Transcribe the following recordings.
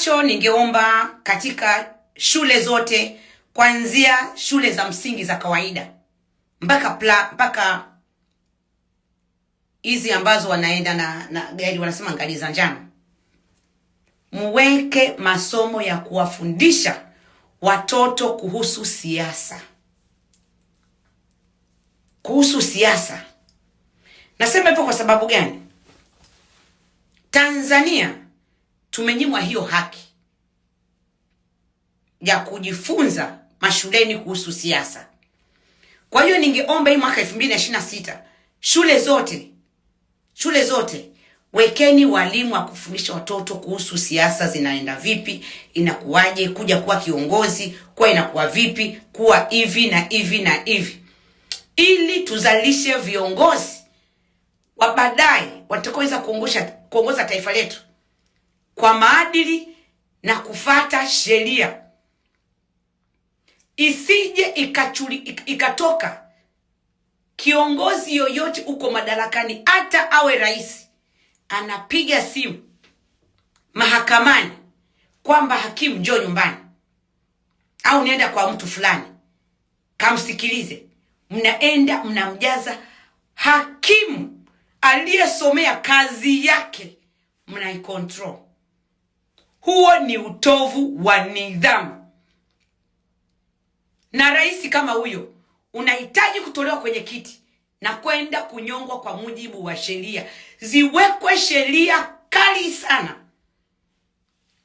ambacho ningeomba katika shule zote kuanzia shule za msingi za kawaida mpaka pla, mpaka hizi ambazo wanaenda na, na gari wanasema ngali za njano, muweke masomo ya kuwafundisha watoto kuhusu siasa, kuhusu siasa. Nasema hivyo kwa sababu gani? Tanzania tumenyimwa hiyo haki ya kujifunza mashuleni kuhusu siasa. Kwa hiyo ningeomba hii mwaka elfu mbili na ishirini na sita shule zote, shule zote wekeni walimu wa kufundisha watoto kuhusu siasa zinaenda vipi, inakuwaje, kuja kuwa kiongozi kuwa inakuwa vipi, kuwa hivi na hivi na hivi, ili tuzalishe viongozi wa baadaye watakaoweza kuongoza taifa letu kwa maadili na kufata sheria, isije ikachuli, ikatoka kiongozi yoyote uko madarakani, hata awe rais, anapiga simu mahakamani kwamba hakimu, njoo nyumbani au nienda kwa mtu fulani kamsikilize. Mnaenda mnamjaza hakimu aliyesomea kazi yake, mnaikontrol. Huo ni utovu wa nidhamu, na rais kama huyo unahitaji kutolewa kwenye kiti na kwenda kunyongwa kwa mujibu wa sheria. Ziwekwe sheria kali sana,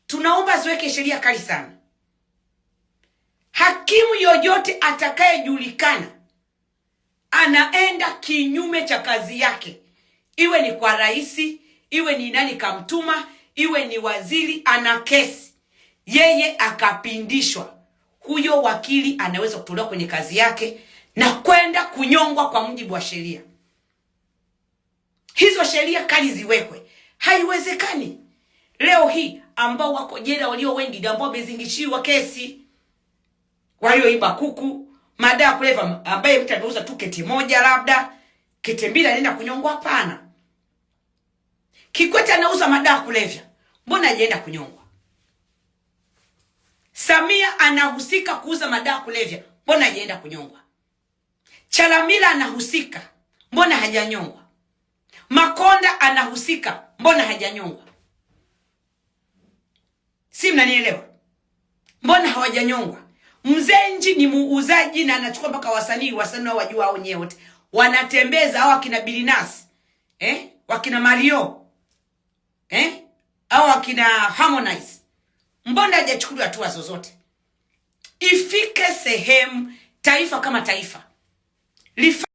tunaomba ziweke sheria kali sana. Hakimu yoyote atakayejulikana anaenda kinyume cha kazi yake, iwe ni kwa rais, iwe ni nani kamtuma iwe ni waziri ana kesi yeye akapindishwa, huyo wakili anaweza kutolewa kwenye kazi yake na kwenda kunyongwa kwa mujibu wa sheria. Hizo sheria kali ziwekwe. Haiwezekani leo hii ambao wako jela walio wengi ambao wamezingishiwa kesi, walioiba kuku, madawa kuleva, ambaye mtu ameuza tu kete moja labda kete mbili anaenda kunyongwa. Hapana. Kikwete anauza madawa kulevya, mbona ajaenda kunyongwa? Samia anahusika kuuza madawa kulevya, mbona ajaenda kunyongwa? Chalamila anahusika, mbona hajanyongwa? Makonda anahusika, mbona hajanyongwa? Si mnanielewa? Mbona hawajanyongwa? Mzee Nji ni muuzaji na anachukua mpaka wasanii, wasanii wao wajua, hao wote wanatembeza, hao akina Bilinasi eh, wakina Mario eh? au akina Harmonize, mbona hajachukuliwa hatua zozote? Ifike sehemu taifa kama taifa lifa